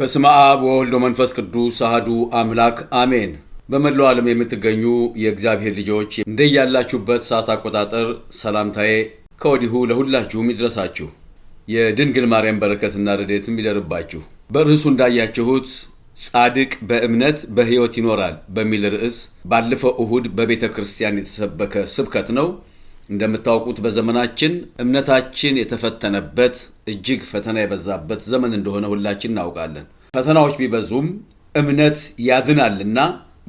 በስመ አብ ወወልድ ወመንፈስ ቅዱስ አህዱ አምላክ አሜን። በመላው ዓለም የምትገኙ የእግዚአብሔር ልጆች እንደያላችሁበት ሰዓት አቆጣጠር ሰላምታዬ ከወዲሁ ለሁላችሁም ይድረሳችሁ። የድንግል ማርያም በረከትና ረድኤትም ይደርባችሁ። በርዕሱ እንዳያችሁት ጻድቅ በእምነት በሕይወት ይኖራል በሚል ርዕስ ባለፈው እሁድ በቤተ ክርስቲያን የተሰበከ ስብከት ነው። እንደምታውቁት በዘመናችን እምነታችን የተፈተነበት እጅግ ፈተና የበዛበት ዘመን እንደሆነ ሁላችን እናውቃለን። ፈተናዎች ቢበዙም እምነት ያድናልና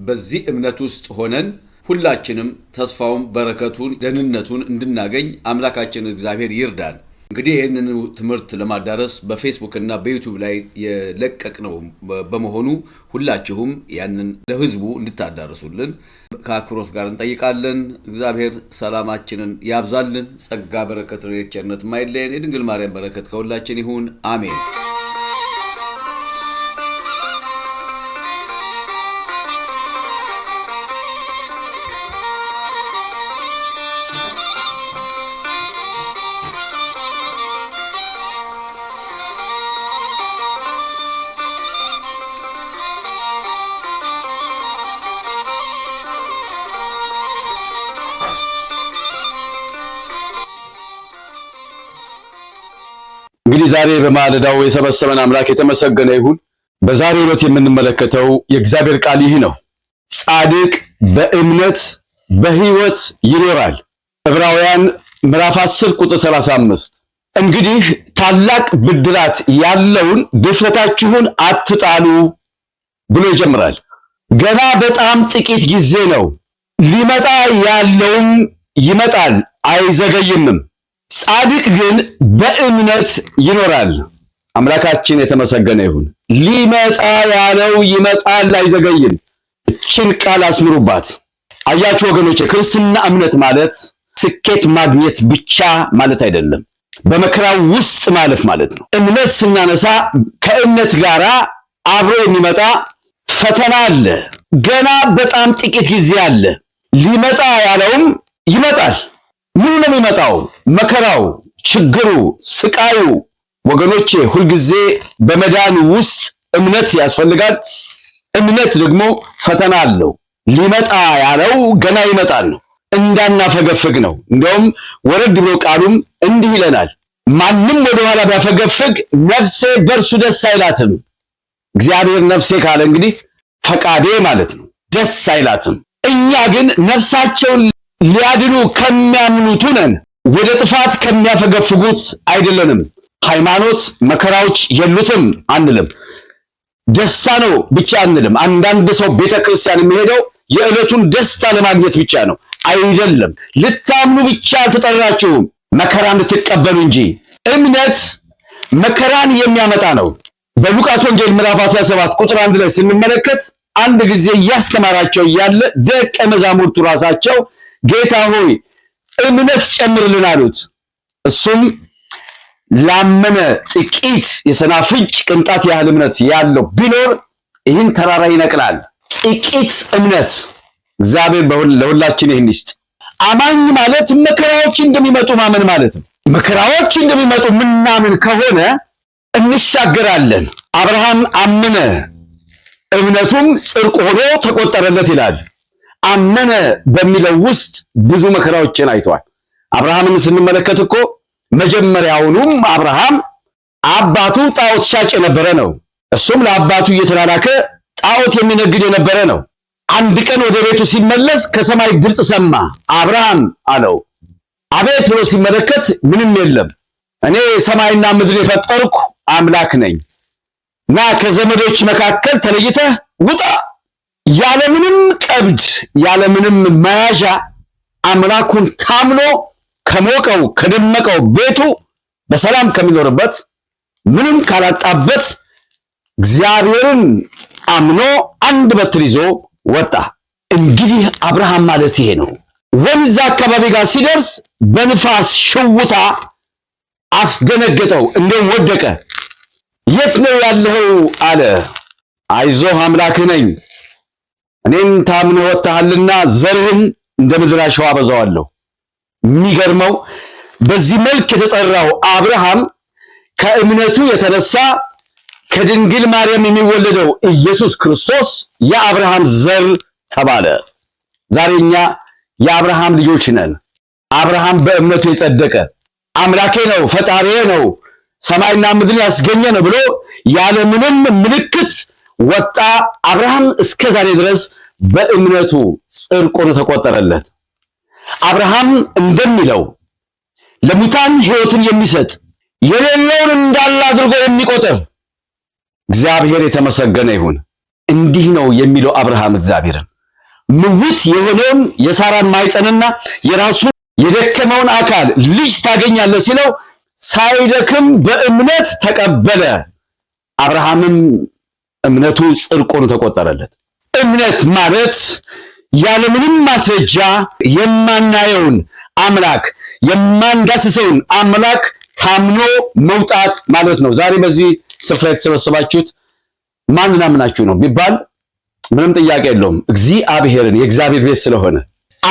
በዚህ እምነት ውስጥ ሆነን ሁላችንም ተስፋውን፣ በረከቱን፣ ደህንነቱን እንድናገኝ አምላካችን እግዚአብሔር ይርዳን። እንግዲህ ይህንን ትምህርት ለማዳረስ በፌስቡክ እና በዩቱብ ላይ የለቀቅ ነው በመሆኑ ሁላችሁም ያንን ለህዝቡ እንድታዳርሱልን ከአክብሮት ጋር እንጠይቃለን። እግዚአብሔር ሰላማችንን ያብዛልን። ጸጋ በረከት፣ ረድኤት፣ ቸርነት ማይለየን። የድንግል ማርያም በረከት ከሁላችን ይሁን። አሜን። እንግዲህ ዛሬ በማለዳው የሰበሰበን አምላክ የተመሰገነ ይሁን። በዛሬ ዕለት የምንመለከተው የእግዚአብሔር ቃል ይህ ነው፣ ጻድቅ በእምነት በሕይወት ይኖራል። ዕብራውያን ምዕራፍ 10 ቁጥር 35 እንግዲህ ታላቅ ብድራት ያለውን ድፍረታችሁን አትጣሉ ብሎ ይጀምራል። ገና በጣም ጥቂት ጊዜ ነው፣ ሊመጣ ያለውም ይመጣል አይዘገይምም። ጻድቅ ግን በእምነት ይኖራል። አምላካችን የተመሰገነ ይሁን። ሊመጣ ያለው ይመጣል፣ አይዘገይም። እችን ቃል አስምሩባት። አያችሁ ወገኖች፣ የክርስትና እምነት ማለት ስኬት ማግኘት ብቻ ማለት አይደለም፣ በመከራው ውስጥ ማለፍ ማለት ነው። እምነት ስናነሳ ከእምነት ጋር አብሮ የሚመጣ ፈተና አለ። ገና በጣም ጥቂት ጊዜ አለ። ሊመጣ ያለውም ይመጣል። ምኑ ነው የሚመጣው? መከራው፣ ችግሩ፣ ስቃዩ። ወገኖቼ ሁልጊዜ በመዳን ውስጥ እምነት ያስፈልጋል። እምነት ደግሞ ፈተና አለው። ሊመጣ ያለው ገና ይመጣል ነው እንዳናፈገፍግ ነው። እንዲያውም ወረድ ብሎ ቃሉም እንዲህ ይለናል፣ ማንም ወደኋላ ቢያፈገፍግ ነፍሴ በእርሱ ደስ አይላትም። እግዚአብሔር ነፍሴ ካለ እንግዲህ ፈቃዴ ማለት ነው። ደስ አይላትም። እኛ ግን ነፍሳቸውን ሊያድኑ ከሚያምኑቱ ነን፣ ወደ ጥፋት ከሚያፈገፍጉት አይደለንም። ሃይማኖት መከራዎች የሉትም አንልም። ደስታ ነው ብቻ አንልም። አንዳንድ ሰው ቤተ ክርስቲያን የሚሄደው የዕለቱን ደስታ ለማግኘት ብቻ ነው። አይደለም። ልታምኑ ብቻ አልተጠራችሁም፣ መከራን ልትቀበሉ እንጂ። እምነት መከራን የሚያመጣ ነው። በሉቃስ ወንጌል ምዕራፍ 17 ቁጥር አንድ ላይ ስንመለከት አንድ ጊዜ እያስተማራቸው እያለ ደቀ መዛሙርቱ ራሳቸው ጌታ ሆይ እምነት ጨምርልን አሉት። እሱም ላመነ ጥቂት የሰናፍጭ ቅንጣት ያህል እምነት ያለው ቢኖር ይህን ተራራ ይነቅላል። ጥቂት እምነት እግዚአብሔር ለሁላችን ይህን ይስጥ። አማኝ ማለት መከራዎች እንደሚመጡ ማመን ማለት ነው። መከራዎች እንደሚመጡ ምናምን ከሆነ እንሻገራለን። አብርሃም አመነ እምነቱም ጽድቅ ሆኖ ተቆጠረለት ይላል። አመነ በሚለው ውስጥ ብዙ መከራዎችን አይተዋል። አብርሃምን ስንመለከት እኮ መጀመሪያውኑም አብርሃም አባቱ ጣዖት ሻጭ የነበረ ነው። እሱም ለአባቱ እየተላላከ ጣዖት የሚነግድ የነበረ ነው። አንድ ቀን ወደ ቤቱ ሲመለስ ከሰማይ ድምፅ ሰማ። አብርሃም አለው፣ አቤት ብሎ ሲመለከት ምንም የለም። እኔ ሰማይና ምድር የፈጠርኩ አምላክ ነኝ። እና ከዘመዶች መካከል ተለይተህ ውጣ ያለምንም ቀብድ ያለምንም መያዣ አምላኩን ታምኖ ከሞቀው ከደመቀው ቤቱ በሰላም ከሚኖርበት ምንም ካላጣበት እግዚአብሔርን አምኖ አንድ በትር ይዞ ወጣ። እንግዲህ አብርሃም ማለት ይሄ ነው። ወንዝ አካባቢ ጋር ሲደርስ በንፋስ ሽውታ አስደነገጠው፣ እንደው ወደቀ። የት ነው ያለኸው አለ። አይዞህ አምላክህ ነኝ እኔም ታምነ ወጥተሃልና ዘርህን እንደ ምድር አሸዋ አበዛዋለሁ። የሚገርመው በዚህ መልክ የተጠራው አብርሃም ከእምነቱ የተነሳ ከድንግል ማርያም የሚወለደው ኢየሱስ ክርስቶስ የአብርሃም ዘር ተባለ። ዛሬ እኛ የአብርሃም ልጆች ነን። አብርሃም በእምነቱ የጸደቀ አምላኬ ነው፣ ፈጣሪዬ ነው፣ ሰማይና ምድር ያስገኘ ነው ብሎ ያለምንም ምልክት ወጣ። አብርሃም እስከ ዛሬ ድረስ በእምነቱ ጽድቁን ተቆጠረለት። አብርሃም እንደሚለው ለሙታን ህይወትን የሚሰጥ የሌለውን እንዳለ አድርጎ የሚቆጥር እግዚአብሔር የተመሰገነ ይሁን። እንዲህ ነው የሚለው አብርሃም እግዚአብሔርን ምውት የሆነውን የሳራን ማይፀንና የራሱ የደከመውን አካል ልጅ ታገኛለህ ሲለው ሳይደክም በእምነት ተቀበለ። አብርሃምም እምነቱ ጽድቅ ተቆጠረለት። እምነት ማለት ያለምንም ማስረጃ የማናየውን አምላክ የማንዳስሰውን አምላክ ታምኖ መውጣት ማለት ነው። ዛሬ በዚህ ስፍራ የተሰበሰባችሁት ማን ናምናችሁ ነው ቢባል ምንም ጥያቄ የለውም። እግዚአብሔርን የእግዚአብሔር ቤት ስለሆነ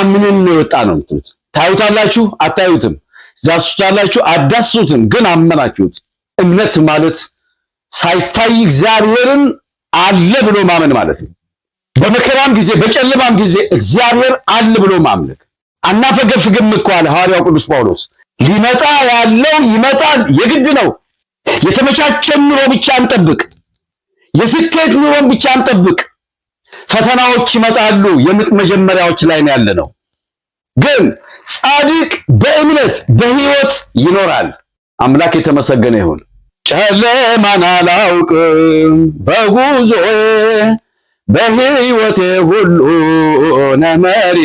አምነን ነው የወጣ ነው የምትሉት። ታዩታላችሁ፣ አታዩትም፣ ዳስሱታላችሁ፣ አዳስሱትም፣ ግን አመናችሁት። እምነት ማለት ሳይታይ እግዚአብሔርን አለ ብሎ ማመን ማለት ነው። በመከራም ጊዜ በጨለማም ጊዜ እግዚአብሔር አለ ብሎ ማምለክ። አናፈገፍግም እኮ አለ ሐዋርያው ቅዱስ ጳውሎስ። ሊመጣ ያለው ይመጣል፣ የግድ ነው። የተመቻቸን ኑሮ ብቻ አንጠብቅ፣ የስኬት ኑሮን ብቻ አንጠብቅ። ፈተናዎች ይመጣሉ። የምጥ መጀመሪያዎች ላይ ነው ያለ ነው። ግን ጻድቅ በእምነት በሕይወት ይኖራል። አምላክ የተመሰገነ ይሁን። ጨለማን አላውቅም በጉዞዬ በሕይወቴ ሁሉ ነመሪ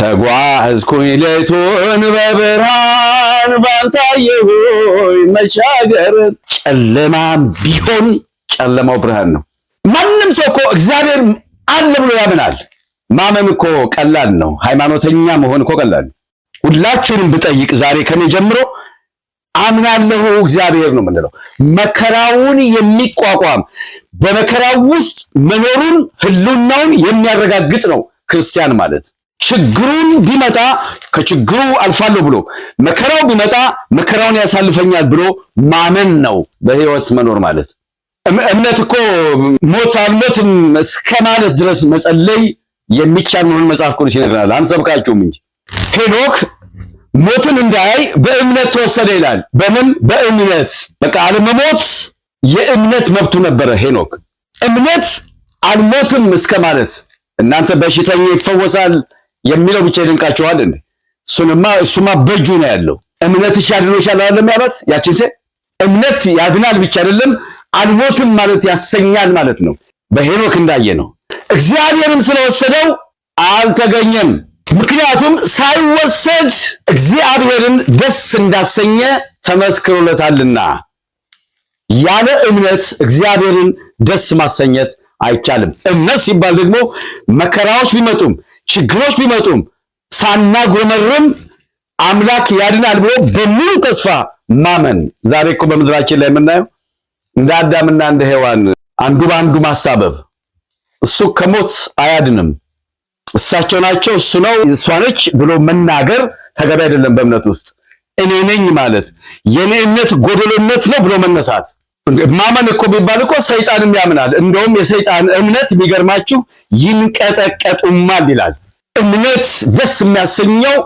ተጓዝኩኝ ሌቱን በብርሃን ባንታየሁኝ መሻገር። ጨለማም ቢሆን ጨለማው ብርሃን ነው። ማንም ሰው እኮ እግዚአብሔር አለ ብሎ ያምናል። ማመን እኮ ቀላል ነው። ሃይማኖተኛ መሆን እኮ ቀላል ነው። ሁላችሁንም ብጠይቅ ዛሬ ከኔ ጀምሮ አምናለሁ እግዚአብሔር ነው የምንለው። መከራውን የሚቋቋም በመከራው ውስጥ መኖሩን ህልውናውን የሚያረጋግጥ ነው ክርስቲያን ማለት። ችግሩን ቢመጣ ከችግሩ አልፋለሁ ብሎ መከራው ቢመጣ መከራውን ያሳልፈኛል ብሎ ማመን ነው በህይወት መኖር ማለት። እምነት እኮ ሞት አልሞትም እስከ ማለት ድረስ መጸለይ የሚቻል መሆን መጽሐፍ ቅዱስ ይነግረናል። አንሰብካችሁም እንጂ ሄኖክ ሞትን እንዳያይ በእምነት ተወሰደ ይላል። በምን በእምነት በቃ አለመሞት የእምነት መብቱ ነበረ ሄኖክ። እምነት አልሞትም እስከ ማለት እናንተ በሽተኛ ይፈወሳል የሚለው ብቻ ይደንቃችኋል እንዴ? እሱንማ እሱማ በእጁ ነው ያለው። እምነትሽ ያድኖሻል አይደለም ያሏት ያችን ሴት። እምነት ያድናል ብቻ አይደለም አልሞትም ማለት ያሰኛል ማለት ነው። በሄኖክ እንዳየ ነው። እግዚአብሔርም ስለወሰደው አልተገኘም። ምክንያቱም ሳይወሰድ እግዚአብሔርን ደስ እንዳሰኘ ተመስክሮለታልና። ያለ እምነት እግዚአብሔርን ደስ ማሰኘት አይቻልም። እምነት ሲባል ደግሞ መከራዎች ቢመጡም ችግሮች ቢመጡም ሳናጎመርም አምላክ ያድናል ብሎ በሙሉ ተስፋ ማመን። ዛሬ እኮ በምድራችን ላይ የምናየው እንደ አዳምና እንደ ሔዋን አንዱ በአንዱ ማሳበብ፣ እሱ ከሞት አያድንም። እሳቸው ናቸው፣ እሱ ነው፣ እሷ ነች ብሎ መናገር ተገቢ አይደለም። በእምነት ውስጥ እኔ ነኝ ማለት የኔ እምነት ጎደሎነት ነው ብሎ መነሳት። ማመን እኮ ቢባል እኮ ሰይጣንም ያምናል። እንደውም የሰይጣን እምነት የሚገርማችሁ ይንቀጠቀጡማል ይላል። እምነት ደስ የሚያሰኘው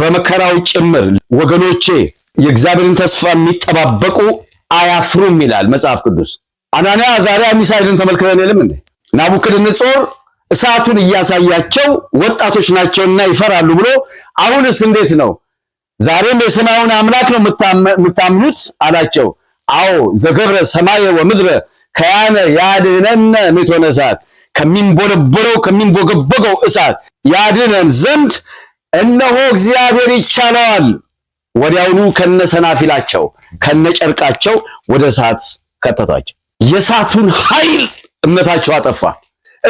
በመከራው ጭምር። ወገኖቼ የእግዚአብሔርን ተስፋ የሚጠባበቁ አያፍሩም ይላል መጽሐፍ ቅዱስ። አናንያ፣ ዛሬ ሚሳኤልን ተመልክተን የለም እንዴ ናቡክድነጾር እሳቱን እያሳያቸው ወጣቶች ናቸውና ይፈራሉ ብሎ አሁንስ እንዴት ነው? ዛሬም የሰማዩን አምላክ ነው የምታምኑት አላቸው። አዎ ዘገብረ ሰማየ ወምድረ ከያነ ያድነነ እቶነ እሳት ከሚንቦለቦለው ከሚንቦገቦገው እሳት ያድነን ዘንድ እነሆ እግዚአብሔር ይቻለዋል። ወዲያውኑ ከነሰናፊላቸው ከነጨርቃቸው ወደ እሳት ከተቷቸው። የእሳቱን ኃይል እምነታቸው አጠፋ።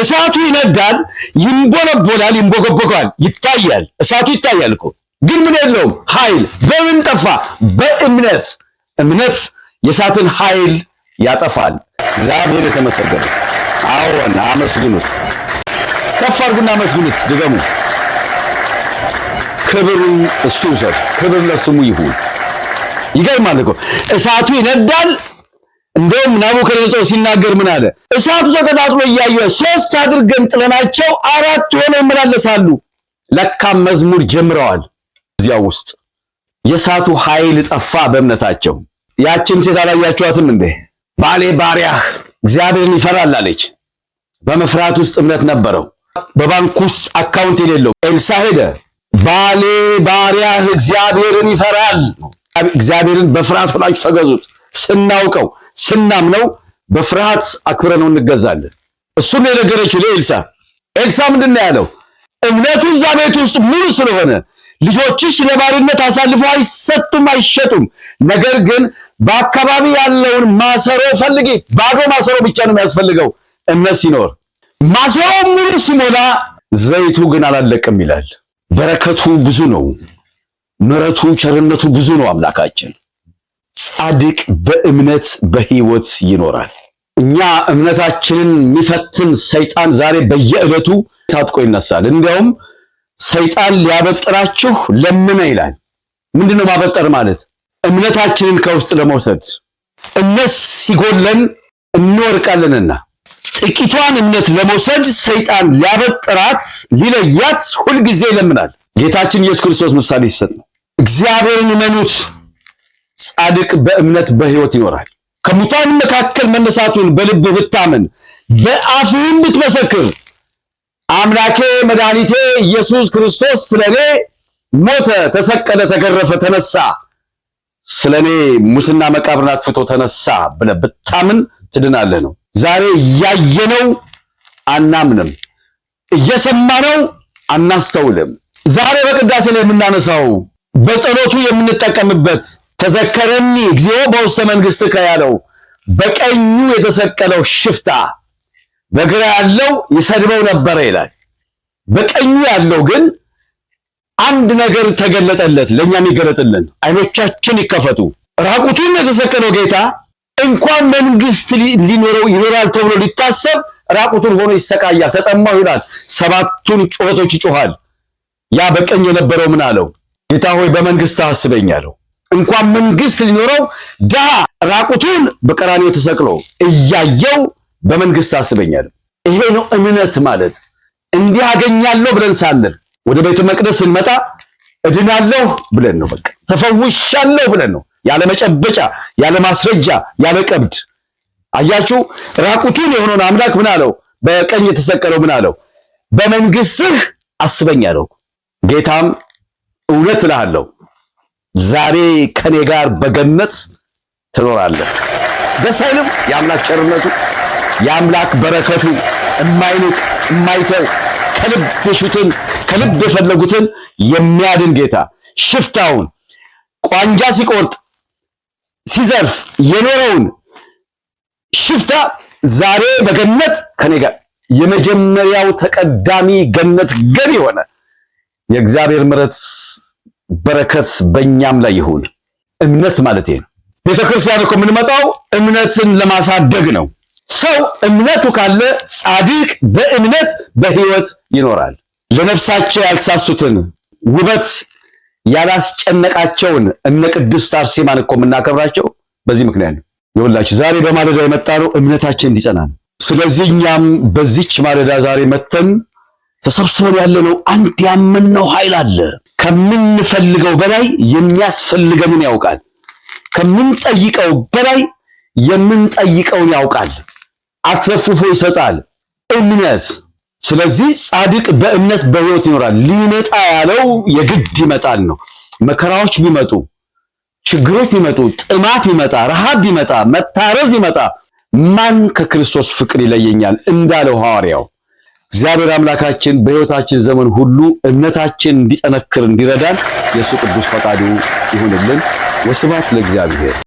እሳቱ ይነዳል፣ ይንቦለቦላል፣ ይንቦገቦጋል፣ ይታያል። እሳቱ ይታያል እኮ ግን ምን የለውም ኃይል። በምን ጠፋ? በእምነት። እምነት የእሳትን ኃይል ያጠፋል። እግዚአብሔር የተመሰገነ አዎን፣ አመስግኑት። ከፍ አድርጉና አመስግኑት። ድገሙ። ክብሩ እሱ ውሰድ። ክብር ለስሙ ይሁን። ይገርማል እኮ እሳቱ ይነዳል እንደውም ናቡከደነጾር ሲናገር ምን አለ? እሳቱ ተቀጣጥሎ እያየ ሶስት አድርገን ጥለናቸው አራት ሆነው ይመላለሳሉ። ለካም መዝሙር ጀምረዋል። እዚያ ውስጥ የእሳቱ ኃይል ጠፋ በእምነታቸው። ያችን ሴት አላያችኋትም እንዴ? ባሌ ባሪያህ እግዚአብሔርን ይፈራል አለች። በመፍራት ውስጥ እምነት ነበረው። በባንክ ውስጥ አካውንት የሌለው ኤልሳ ሄደ። ባሌ ባሪያህ እግዚአብሔርን ይፈራል። እግዚአብሔርን በፍርሃት ሆናችሁ ተገዙት። ስናውቀው ስናምነው በፍርሃት አክብረነው እንገዛለን። እሱን የነገረችው ለኤልሳ። ኤልሳ ምንድን ነው ያለው? እምነቱ እዛ ቤት ውስጥ ሙሉ ስለሆነ ልጆችሽ ለባርነት አሳልፎ አይሰጡም፣ አይሸጡም። ነገር ግን በአካባቢ ያለውን ማሰሮ ፈልጊ። ባዶ ማሰሮ ብቻ ነው የሚያስፈልገው እምነት ሲኖር። ማሰሮ ሙሉ ሲሞላ ዘይቱ ግን አላለቅም ይላል። በረከቱ ብዙ ነው፣ ምረቱ ቸርነቱ ብዙ ነው አምላካችን ጻድቅ በእምነት በሕይወት ይኖራል። እኛ እምነታችንን የሚፈትን ሰይጣን ዛሬ በየዕለቱ ታጥቆ ይነሳል። እንዲያውም ሰይጣን ሊያበጥራችሁ ለምነ ይላል። ምንድን ነው ማበጠር ማለት? እምነታችንን ከውስጥ ለመውሰድ እምነት ሲጎለን እንወርቃለንና ጥቂቷን እምነት ለመውሰድ ሰይጣን ሊያበጥራት ሊለያት ሁልጊዜ ይለምናል። ጌታችን ኢየሱስ ክርስቶስ ምሳሌ ሲሰጥ ነው እግዚአብሔርን እመኑት ጻድቅ በእምነት በሕይወት ይኖራል። ከሙታን መካከል መነሳቱን በልብ ብታምን በአፍህም ብትመሰክር አምላኬ መድኃኒቴ ኢየሱስ ክርስቶስ ስለ እኔ ሞተ፣ ተሰቀለ፣ ተገረፈ፣ ተነሳ፣ ስለ እኔ ሙስና መቃብርን አጥፍቶ ተነሳ ብለህ ብታምን ትድናለህ ነው። ዛሬ እያየነው አናምንም፣ እየሰማነው አናስተውልም። ዛሬ በቅዳሴ ላይ የምናነሳው በጸሎቱ የምንጠቀምበት ተዘከረኒ እግዚኦ በውስተ መንግሥትከ ያለው በቀኙ የተሰቀለው ሽፍታ በግራ ያለው ይሰድበው ነበረ ይላል። በቀኙ ያለው ግን አንድ ነገር ተገለጠለት፣ ለእኛም ይገለጥልን። አይኖቻችን ይከፈቱ። ራቁቱን የተሰቀለው ጌታ እንኳን መንግስት ሊኖረው ይኖራል ተብሎ ሊታሰብ ራቁቱን ሆኖ ይሰቃያል። ተጠማሁ ይላል። ሰባቱን ጩኸቶች ይጮሃል። ያ በቀኝ የነበረው ምን አለው? ጌታ ሆይ በመንግስት አስበኝ አለው። እንኳን መንግስት ሊኖረው ድሃ ራቁቱን በቀራንዮ ተሰቅሎ እያየው በመንግስት አስበኛል። ይሄ ነው እምነት ማለት። እንዲህ አገኛለሁ ብለን ሳንል ወደ ቤተ መቅደስ ስንመጣ እድናለሁ ብለን ነው። በቃ ተፈውሻለሁ ብለን ነው፣ ያለ መጨበጫ፣ ያለ ማስረጃ፣ ያለ ቀብድ። አያችሁ፣ ራቁቱን የሆነውን አምላክ ምን አለው? በቀኝ የተሰቀለው ምን አለው? በመንግስትህ አስበኛለሁ። ጌታም እውነት እልሃለሁ ዛሬ ከኔ ጋር በገነት ትኖራለህ። ደስ አይልም? የአምላክ ቸርነቱ የአምላክ በረከቱ እማይንቅ እማይተው ከልብ የሹትን ከልብ የፈለጉትን የሚያድን ጌታ ሽፍታውን ቋንጃ ሲቆርጥ ሲዘርፍ የኖረውን ሽፍታ ዛሬ በገነት ከኔ ጋር የመጀመሪያው ተቀዳሚ ገነት ገብ የሆነ የእግዚአብሔር ምሕረት በረከት በእኛም ላይ ይሁን። እምነት ማለት ይሄ ነው። ቤተ ክርስቲያን እኮ የምንመጣው እምነትን ለማሳደግ ነው። ሰው እምነቱ ካለ ጻድቅ በእምነት በህይወት ይኖራል። ለነፍሳቸው ያልሳሱትን ውበት ያላስጨነቃቸውን እነ ቅድስት አርሴማን እኮ የምናከብራቸው በዚህ ምክንያት ነው። ይኸውላችሁ ዛሬ በማለዳ የመጣ እምነታችን እንዲጸና ስለዚህ እኛም በዚች ማለዳ ዛሬ መተን ተሰብስበን ያለነው አንድ ያመንነው ኃይል አለ። ከምንፈልገው በላይ የሚያስፈልገንን ያውቃል። ከምንጠይቀው በላይ የምንጠይቀውን ያውቃል። አትረፍፎ ይሰጣል እምነት። ስለዚህ ጻድቅ በእምነት በሕይወት ይኖራል። ሊመጣ ያለው የግድ ይመጣል ነው። መከራዎች ቢመጡ፣ ችግሮች ቢመጡ፣ ጥማት ቢመጣ፣ ረሃብ ቢመጣ፣ መታረዝ ቢመጣ ማን ከክርስቶስ ፍቅር ይለየኛል እንዳለው ሐዋርያው እግዚአብሔር አምላካችን በሕይወታችን ዘመን ሁሉ እምነታችን እንዲጠነክር እንዲረዳን የእሱ ቅዱስ ፈቃዱ ይሁንልን። ወስብሐት ለእግዚአብሔር።